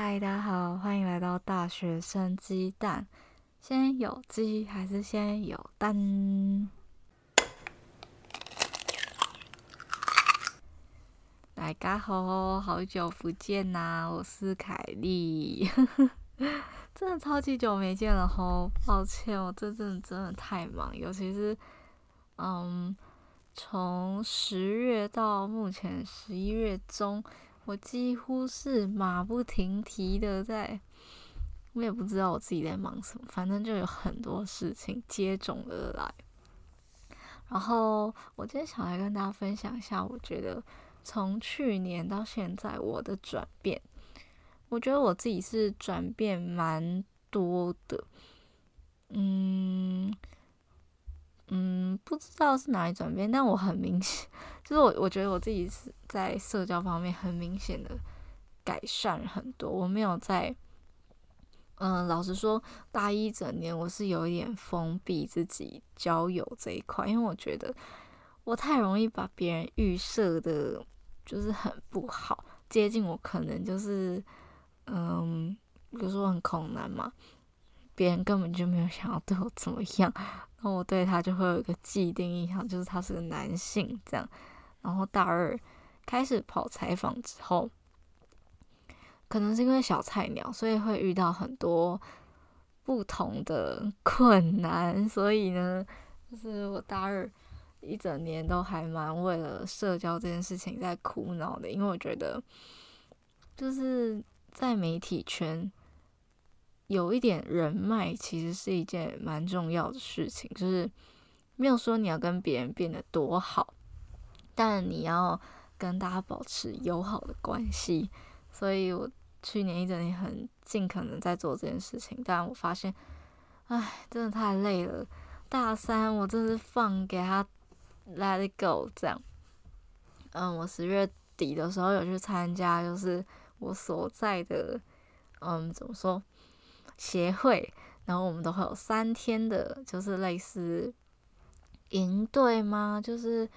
嗨，Hi, 大家好，歡迎來到大學生雞蛋。先有雞還是先有蛋？大家好，好久不見吶、啊，我是凱麗， 真的超級久沒見了，好抱歉，我這陣真，真的太忙，尤其是，嗯，從十月到目前十一月中。我幾乎是馬不停蹄的在，我也不知道我自己在忙什麼，反正就有很多事情接踵而來。然後我今天想來跟大家分享一下，我覺得從去年到現在我的轉變，我覺得我自己是轉變蠻多的，嗯。嗯，不知道是哪裡轉變，但我很明顯，就是我我覺得我自己是在社交方面很明顯的改善很多。我沒有在，嗯，老實說，大一整年我是有一點封閉自己交友這一塊，因為我覺得我太容易把別人預設的，就是很不好接近，我可能就是，嗯，比如說很恐男嘛。別人根本就沒有想要對我怎麼樣，然後我對他就會有一個既定印象，就是他是個男性這樣。然後大二開始跑採訪之後，可能是因為小菜鳥，所以會遇到很多不同的困難。所以呢，就是我大二一整年都還蠻為了社交這件事情在苦惱的，因為我覺得就是在媒體圈。有一點人脈，其實是一件蠻重要的事情，就是沒有說你要跟別人變得多好，但你要跟大家保持友好的關係。所以我去年一整年很盡可能在做這件事情，但我發現，唉，真的太累了。大三我真是放給他 let it go 這樣。嗯，我十月底的時候有去參加，就是我所在的，嗯，怎麼說？協會，然後我們都會有三天的，就是類似營隊嗎？就是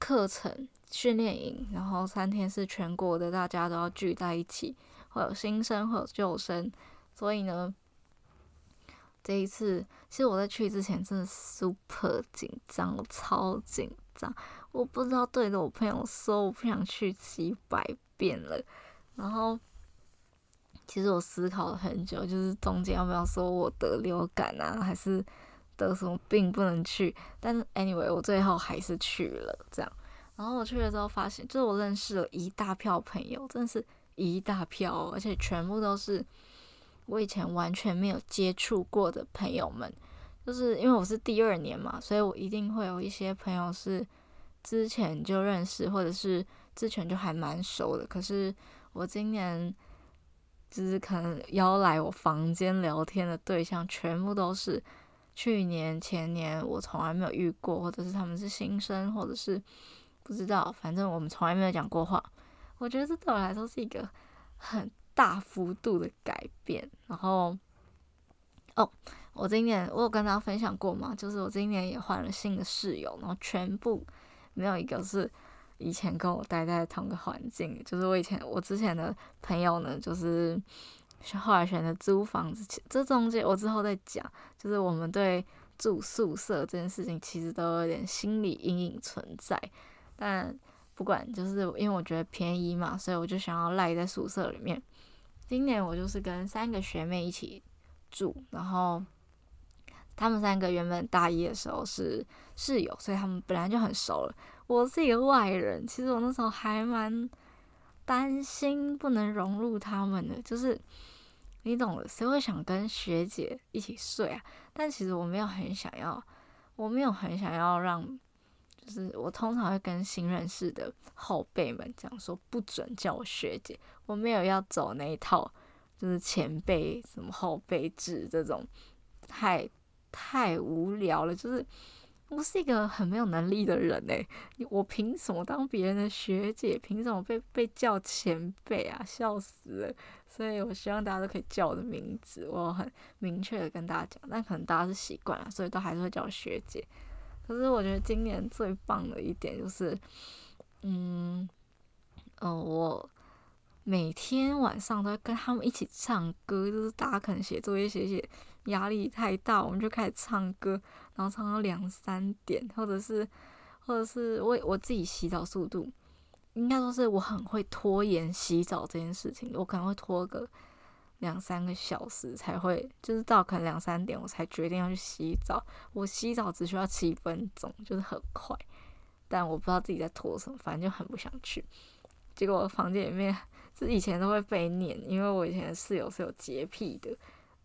課程訓練營，然後三天是全國的，大家都要聚在一起，會有新生，會有舊生，所以呢，這一次其實我在去之前真的 super 緊張，我超緊張，我不知道對着我朋友說我不想去幾百遍了，然後。其實我思考了很久，就是中間要不要說我得流感啊，還是得什麼病不能去？但是 anyway，我最後還是去了。這樣，然後我去了之後，發現就是我認識了一大票朋友，真的是一大票，而且全部都是我以前完全沒有接觸過的朋友們。就是因為我是第二年嘛，所以我一定會有一些朋友是之前就認識，或者是之前就還蠻熟的。可是我今年。就是可能邀來我房間聊天的對象，全部都是去年、前年我從來沒有遇過，或者是他們是新生，或者是不知道，反正我們從來沒有講過話。我覺得這對我來說是一個很大幅度的改變。然後，哦，我今年我有跟大家分享過嘛，就是我今年也換了新的室友，然後全部沒有一個是，以前跟我待在同個環境，就是我以前我之前的朋友呢，就是後來選擇租房子。這中間我之後再講，就是我們對住宿舍這件事情其實都有點心理陰影存在。但不管，就是因為我覺得便宜嘛，所以我就想要賴在宿舍裡面。今年我就是跟三個學妹一起住，然後他們三個原本大一的時候是室友，所以他們本來就很熟了。我是一個外人，其實我那時候還蠻擔心不能融入他們的，就是你懂的，誰會想跟學姐一起睡啊？但其實我沒有很想要，我沒有很想要讓，就是我通常會跟新認識的後輩們講說，不准叫我學姐，我沒有要走那一套，就是前輩什麼後輩制這種，太太無聊了，就是。我是一個很沒有能力的人誒、欸，我憑什麼當別人的學姐？憑什麼被被叫前輩啊？笑死了！所以我希望大家都可以叫我的名字，我很明確的跟大家講，但可能大家是習慣了，所以都還是會叫我學姐。可是我覺得今年最棒的一點就是，嗯，呃，我每天晚上都會跟他們一起唱歌，就是大家肯寫作業寫寫。壓力太大，我們就開始唱歌，然後唱到兩三點，或者是，或者是我我自己洗澡速度，應該說是我很會拖延洗澡這件事情，我可能會拖個兩三個小時才會，就是到可能兩三點我才決定要去洗澡。我洗澡只需要七分鐘，就是很快，但我不知道自己在拖什麼，反正就很不想去。結果我房間裡面是以前都會被念，因為我以前的室友是有潔癖的，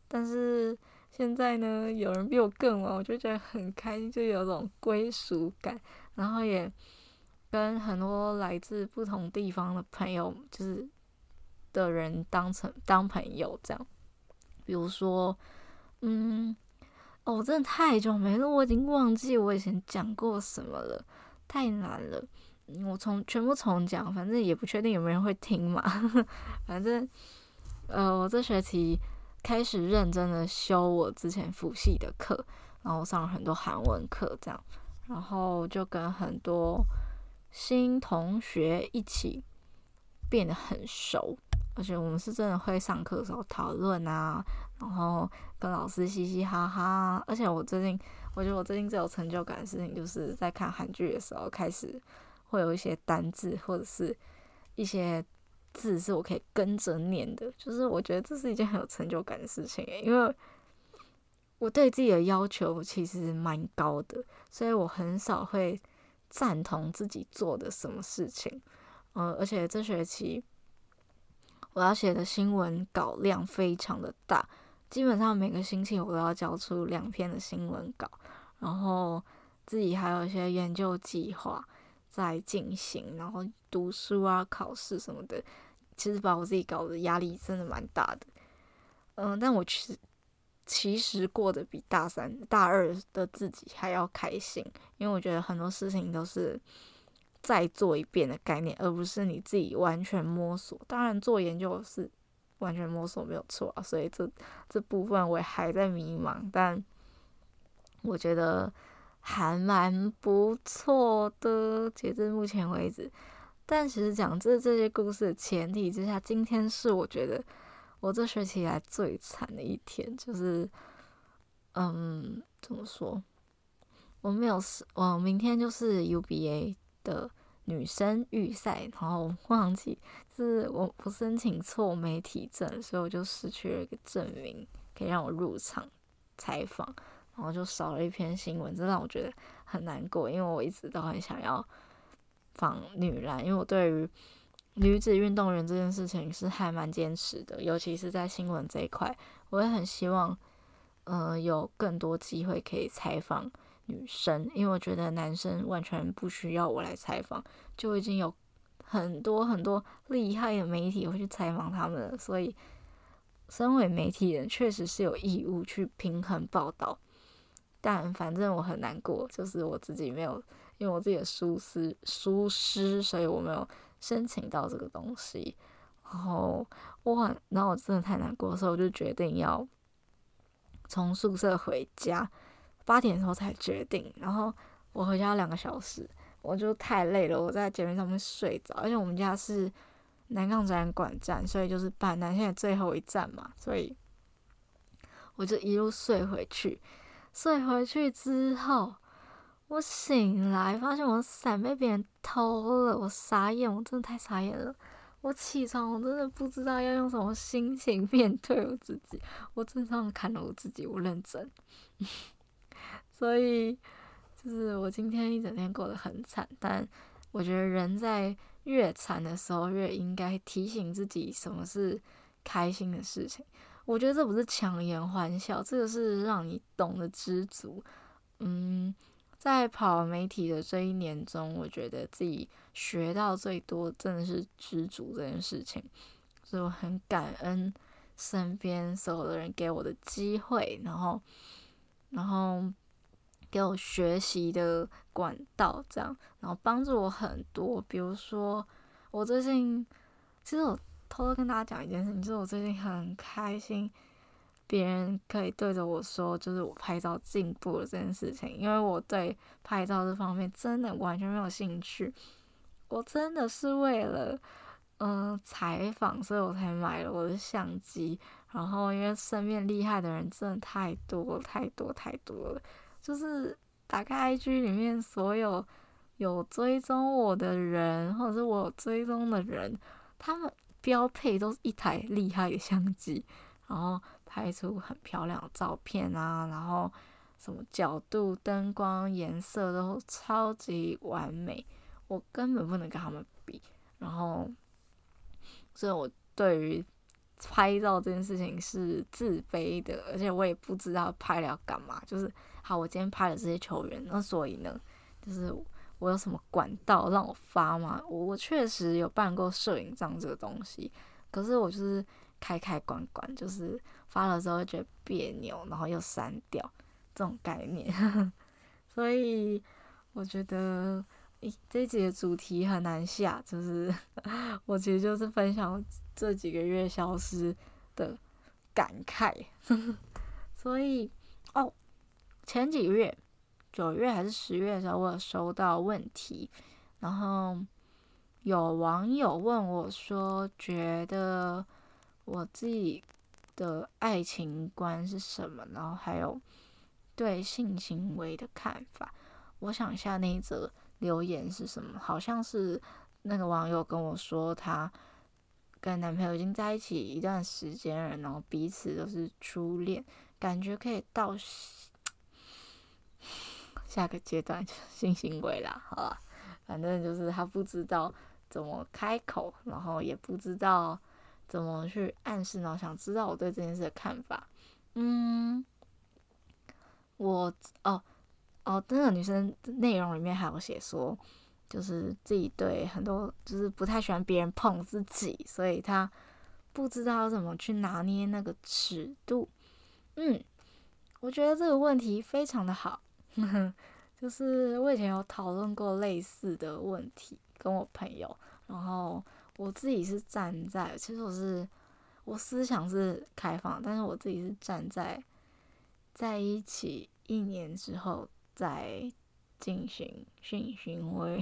但是。現在呢，有人比我更晚，我就覺得很開心，就有種歸屬感。然後也跟很多來自不同地方的朋友，就是的人當成當朋友這樣。比如說，嗯，哦，我真的太久沒錄，我已經忘記我以前講過什麼了，太難了。我從全部重講，反正也不確定有沒有人會聽嘛。 反正，呃，我這學期。開始認真的修我之前輔系的課，然後上了很多韓文課，這樣，然後就跟很多新同學一起變得很熟，而且我們是真的會上課的時候討論啊，然後跟老師嘻嘻哈哈。而且我最近，我覺得我最近最有成就感的事情，就是在看韓劇的時候開始會有一些單字或者是一些。字是我可以跟着念的，就是我覺得這是一件很有成就感的事情，因為我對自己的要求其實蠻高的，所以我很少會贊同自己做的什麼事情。嗯，呃，而且這學期我要寫的新聞稿量非常的大，基本上每個星期我都要交出兩篇的新聞稿，然後自己還有一些研究計劃。在進行，然後讀書啊、考試什麼的，其實把我自己搞得壓力真的蠻大的。嗯，但我其實其實過得比大三、大二的自己還要開心，因為我覺得很多事情都是再做一遍的概念，而不是你自己完全摸索。當然，做研究是完全摸索沒有錯啊。所以這這部分我還在迷茫，但我覺得。還蠻不錯的，截至目前為止。但其實講這這些故事的前提之下，今天是我覺得我這學期以來最慘的一天，就是，嗯，怎麼說？我沒有，我明天就是 UBA 的女生預賽，然後忘記，就是我不申請錯媒體證，所以我就失去了一個證明，可以讓我入場採訪。然後就少了一篇新聞，這讓我覺得很難過，因為我一直都很想要訪女籃，因為我對於女子運動員這件事情是還蠻堅持的，尤其是在新聞這一塊，我也很希望，嗯、呃，有更多機會可以採訪女生，因為我覺得男生完全不需要我來採訪，就已經有很多很多厲害的媒體會去採訪他們了，所以，身為媒體人，確實是有義務去平衡報道。但反正我很難過，就是我自己沒有，因為我自己的疏失疏失，所以我沒有申請到這個東西。然後我，很，然後我真的太難過，所以我就決定要從宿舍回家。八點的時候才決定，然後我回家兩個小時，我就太累了，我在捷運上面睡着。而且我們家是南港展覽館站，所以就是板南線的最後一站嘛，所以我就一路睡回去。睡回去之後，我醒來發現我傘被別人偷了，我傻眼，我真的太傻眼了。我起床，我真的不知道要用什麼心情面對我自己。我正常看了我自己，我認真。 所以，就是我今天一整天過得很慘，但我覺得人在越慘的時候，越應該提醒自己什麼是開心的事情。我覺得這不是強顏歡笑，這個是讓你懂得知足。嗯，在跑媒體的這一年中，我覺得自己學到最多真的是知足這件事情，所以我很感恩身邊所有的人給我的機會，然後，然後給我學習的管道，這樣，然後幫助我很多。比如說，我最近其實我。偷偷跟大家講一件事情，就是我最近很開心，別人可以對着我說，就是我拍照進步了這件事情。因為我對拍照這方面真的完全沒有興趣，我真的是為了嗯採訪，所以我才買了我的相機。然後因為身邊厲害的人真的太多太多太多了，就是打開 IG 裡面所有有追蹤我的人，或者是我追蹤的人，他們。標配都是一台厲害的相機，然後拍出很漂亮的照片啊，然後什麼角度、燈光、顏色都超級完美，我根本不能跟他們比。然後，所以我對於拍照這件事情是自卑的，而且我也不知道拍了要幹嘛。就是，好，我今天拍了這些球員，那所以呢，就是。我有什麼管道讓我發嗎？我我確實有辦過攝影賬這個東西，可是我就是開開關關，就是發了之後覺得彆扭，然後又刪掉這種概念。 所以我覺得，欸，這集的主題很難下，就是我其實就是分享這幾個月消失的感慨。 所以哦，前幾個月。九月還是十月的時候，我有收到問題，然後有網友問我說，覺得我自己的愛情觀是什麼，然後還有對性行為的看法。我想一下那一則留言是什麼，好像是那個網友跟我說，她跟男朋友已經在一起一段時間了，然後彼此都是初戀，感覺可以到。 下個階段就是性行為啦，好啊，反正就是他不知道怎麼開口，然後也不知道怎麼去暗示，然後想知道我對這件事的看法。嗯，我哦哦，那、哦那個女生內容裡面還有寫說，就是自己對很多就是不太喜歡別人碰自己，所以他不知道怎麼去拿捏那個尺度。嗯，我覺得這個問題非常的好。哼， 就是我以前有討論過類似的問題，跟我朋友，然後我自己是站在，其實我是我思想是開放，但是我自己是站在在一起一年之後再進行性行為，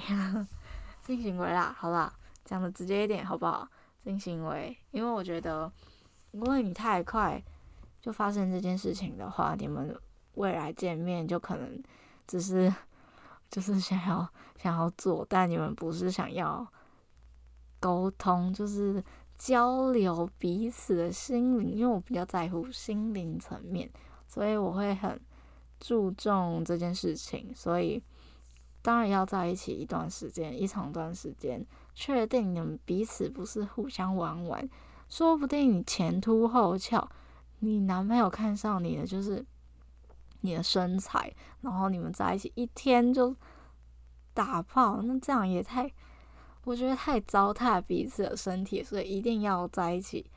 性行為啦，好吧，講的直接一點好不好？性行為，因為我覺得如果你太快就發生這件事情的話，你們。未來見面就可能只是就是想要想要做，但你們不是想要溝通，就是交流彼此的心靈。因為我比較在乎心靈層面，所以我會很注重這件事情。所以當然要在一起一段時間，一長段時間，確定你們彼此不是互相玩玩。說不定你前凸後翹，你男朋友看上你的就是。你的身材，然後你們在一起一天就打炮，那這樣也太，我覺得太糟蹋彼此的身體，所以一定要在一起。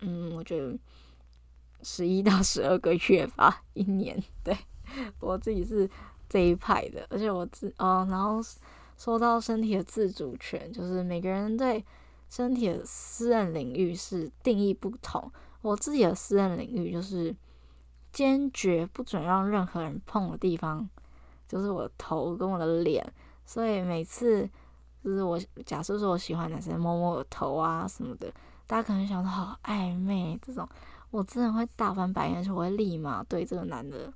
嗯，我覺得十一到十二個月吧，一年。對，我自己是這一派的，而且我自哦，然後說到身體的自主權，就是每個人對身體的私人領域是定義不同。我自己的私人領域就是。堅決不准讓任何人碰的地方，就是我的頭跟我的臉，所以每次就是我假設說我喜歡男生摸摸我頭啊什麼的，大家可能想到好曖昧這種，我真的會大翻白眼，就會立馬對這個男的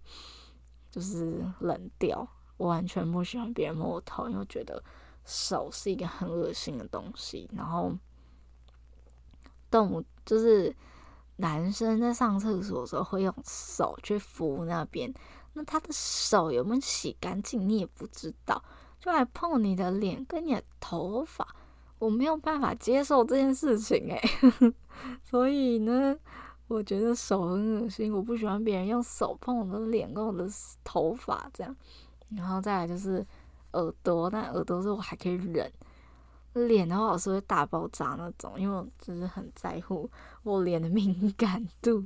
就是冷掉，我完全不喜歡別人摸我頭，因為我覺得手是一個很惡心的東西，然後動物就是。男生在上廁所的時候會用手去扶那邊，那他的手有沒有洗乾淨你也不知道，就來碰你的臉跟你的頭髮，我沒有辦法接受這件事情哎、欸， 所以呢，我覺得手很噁心，我不喜歡別人用手碰我的臉跟我的頭髮這樣，然後再來就是耳朵，但耳朵是我還可以忍。臉的話，我是會大爆炸那種，因為我就是很在乎我臉的敏感度，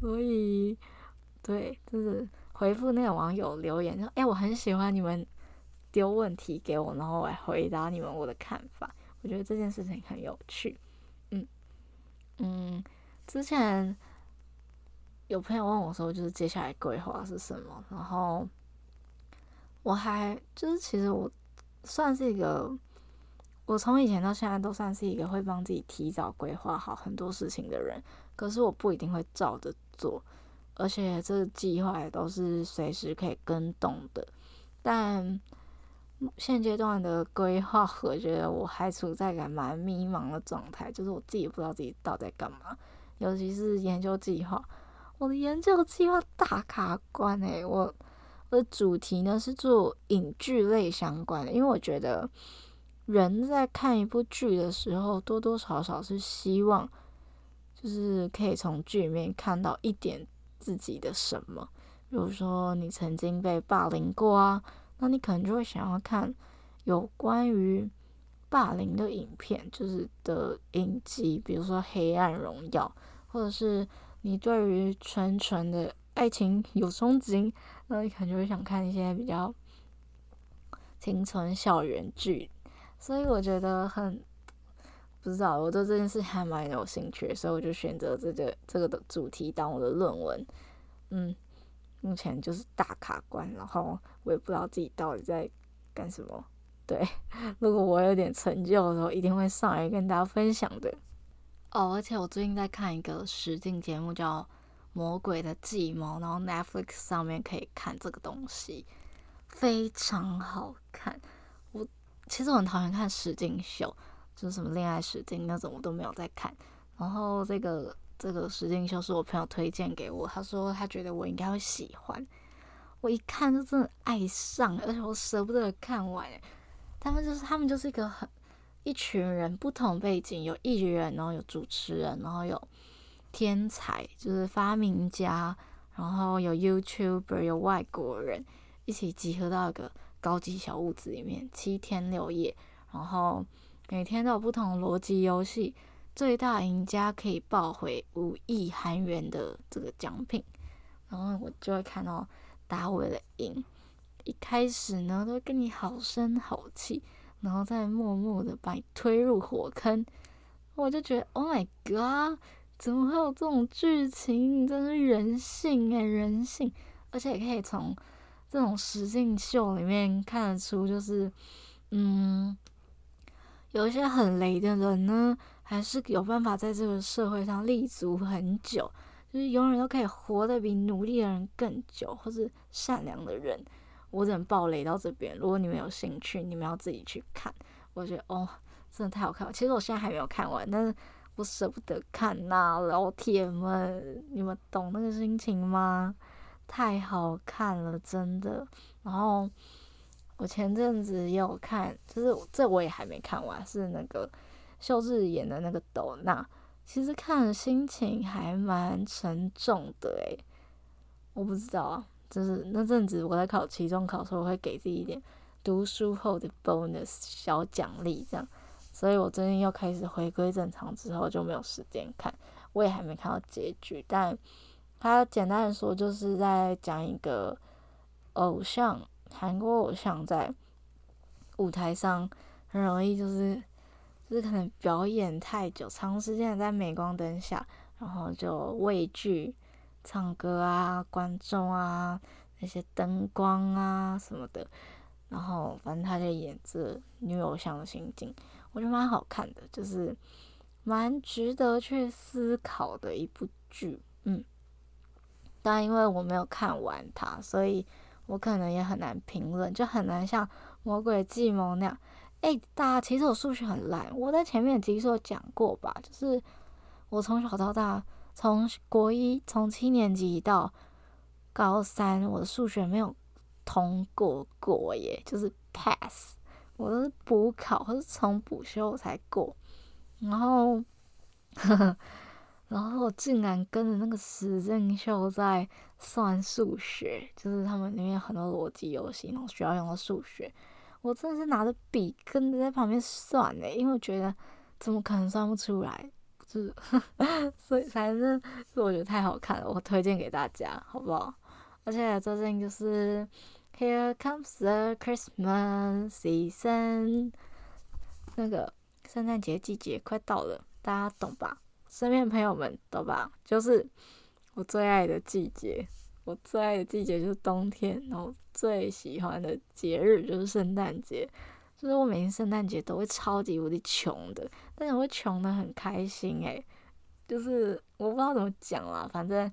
所以對，就是回復那個網友留言說：“誒、欸，我很喜歡你們丟問題給我，然後我來回答你們我的看法。”我覺得這件事情很有趣。嗯嗯，之前有朋友問我說：“就是接下來規劃是什麼？”然後我還就是其實我算是一個。我從以前到現在都算是一個會幫自己提早規劃好很多事情的人，可是我不一定會照着做，而且這個計劃也都是隨時可以更動的。但現階段的規劃，我覺得我還處在個蠻迷茫的狀態，就是我自己也不知道自己到底在幹嘛。尤其是研究計劃，我的研究計劃大卡關誒、欸。我我的主題呢是做影劇類相關的，因為我覺得。人在看一部劇的時候，多多少少是希望，就是可以從劇裡面看到一點自己的什麼。比如說你曾經被霸凌過啊，那你可能就會想要看有關於霸凌的影片，就是的影集，比如說《黑暗榮耀》，或者是你對於純純的愛情有憧憬，那你可能就會想看一些比較青春校園劇。所以我覺得很，不知道，我對這件事還蠻有興趣，所以我就選擇這個這個的主題當我的論文。嗯，目前就是大卡關，然後我也不知道自己到底在幹什麼。對，如果我有點成就的時候，一定會上來跟大家分享的。哦，而且我最近在看一個實境節目，叫《魔鬼的計謀》，然後 Netflix 上面可以看這個東西，非常好看。其實我很討厭看實境秀，就是什麼戀愛實境那種，我都沒有在看。然後這個這個實境秀是我朋友推薦給我，他說他覺得我應該會喜歡。我一看就真的愛上，而且我捨不得看完。他們就是他們就是一個很一群人，不同背景，有藝人，然後有主持人，然後有天才，就是發明家，然後有 YouTuber，有外國人，一起集合到一個，高級小屋子裡面，七天六夜，然後每天都有不同邏輯遊戲，最大贏家可以抱回五億韓元的這個獎品，然後我就會看到打我的贏，一開始呢都會跟你好聲好氣，然後再默默的把你推入火坑，我就覺得 Oh my God，怎麼會有這種劇情？真是人性哎、欸，人性，而且也可以從。這種實境秀裡面看得出，就是，嗯，有一些很雷的人呢，還是有辦法在這個社會上立足很久，就是永遠都可以活得比努力的人更久，或者善良的人。我只能爆雷到這邊，如果你們有興趣，你們要自己去看。我覺得哦，真的太好看了。其實我現在還沒有看完，但是我捨不得看吶、啊，老鐵們，你們懂那個心情嗎？太好看了，真的。然後我前陣子有看，就是這我也還沒看完，是那個秀智演的那個《斗娜》。其實看的心情還蠻沉重的誒、欸，我不知道啊。就是那陣子我在考期中考的時候，我會給自己一點讀書後的 bonus 小獎勵這樣。所以我最近又開始回歸正常之後就沒有時間看，我也還沒看到結局，但。他簡單的說，就是在講一個偶像，韓國偶像在舞台上很容易，就是就是可能表演太久，長時間在鎂光燈下，然後就畏懼唱歌啊、觀眾啊那些燈光啊什麼的，然後反正他就演着女偶像的心境，我覺得蠻好看的，就是蠻值得去思考的一部劇，嗯。但因為我沒有看完它，所以我可能也很難評論，就很難像《魔鬼計謀》那樣。誒、欸，大家其實我數學很爛，我在前面其實有講過吧，就是我從小到大，從國一從七年級到高三，我的數學沒有通過過耶，就是 pass，我都是補考，或是從補修才過，然後。呵呵。然後我竟然跟着那個實境秀在算數學，就是他們裡面很多邏輯遊戲那種需要用到數學，我真的是拿着筆跟着在旁邊算嘞，因為我覺得怎麼可能算不出來，是所以反正我覺得太好看了，我推薦給大家，好不好？而且最近就是 Here comes the Christmas season 那個聖誕節季節快到了，大家懂吧？身邊朋友們，懂吧？就是我最愛的季節，我最愛的季節就是冬天，然後最喜歡的節日就是聖誕節。就是我每年聖誕節都會超級無敵窮的，但是我會窮得很開心哎、欸，就是我不知道怎麼講啦，反正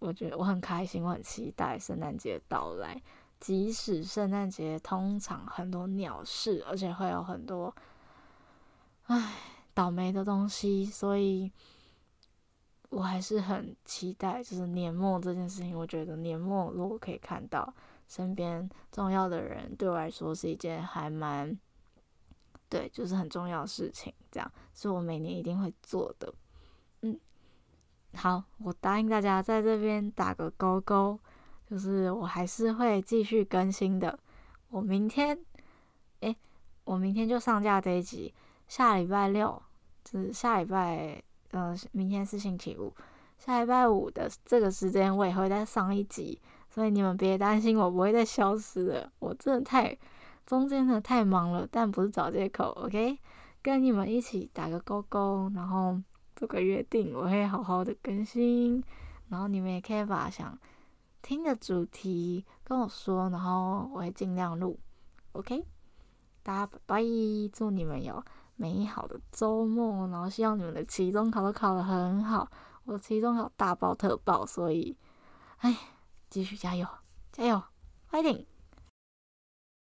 我覺得我很開心，我很期待聖誕節的到來，即使聖誕節通常很多鳥事，而且會有很多，唉。倒霉的東西，所以我還是很期待，就是年末這件事情。我覺得年末如果可以看到身邊重要的人，對我來說是一件還蠻，對，就是很重要的事情。這樣是我每年一定會做的。嗯，好，我答應大家在這邊打個勾勾，就是我還是會繼續更新的。我明天，欸，我明天就上架這一集，下禮拜六。是下禮拜，嗯、呃，明天是星期五，下禮拜五的這個時間我也會再上一集，所以你們別擔心，我不會再消失了。我真的太中間的太忙了，但不是找借口，OK？跟你們一起打個勾勾，然後做個約定，我會好好的更新，然後你們也可以把想聽的主題跟我說，然後我會盡量錄，OK？大家拜拜，祝你們有。美好的週末，然後希望你們的期中考都考得很好。我的期中考大爆特爆，所以，哎，繼續加油，加油，Fighting！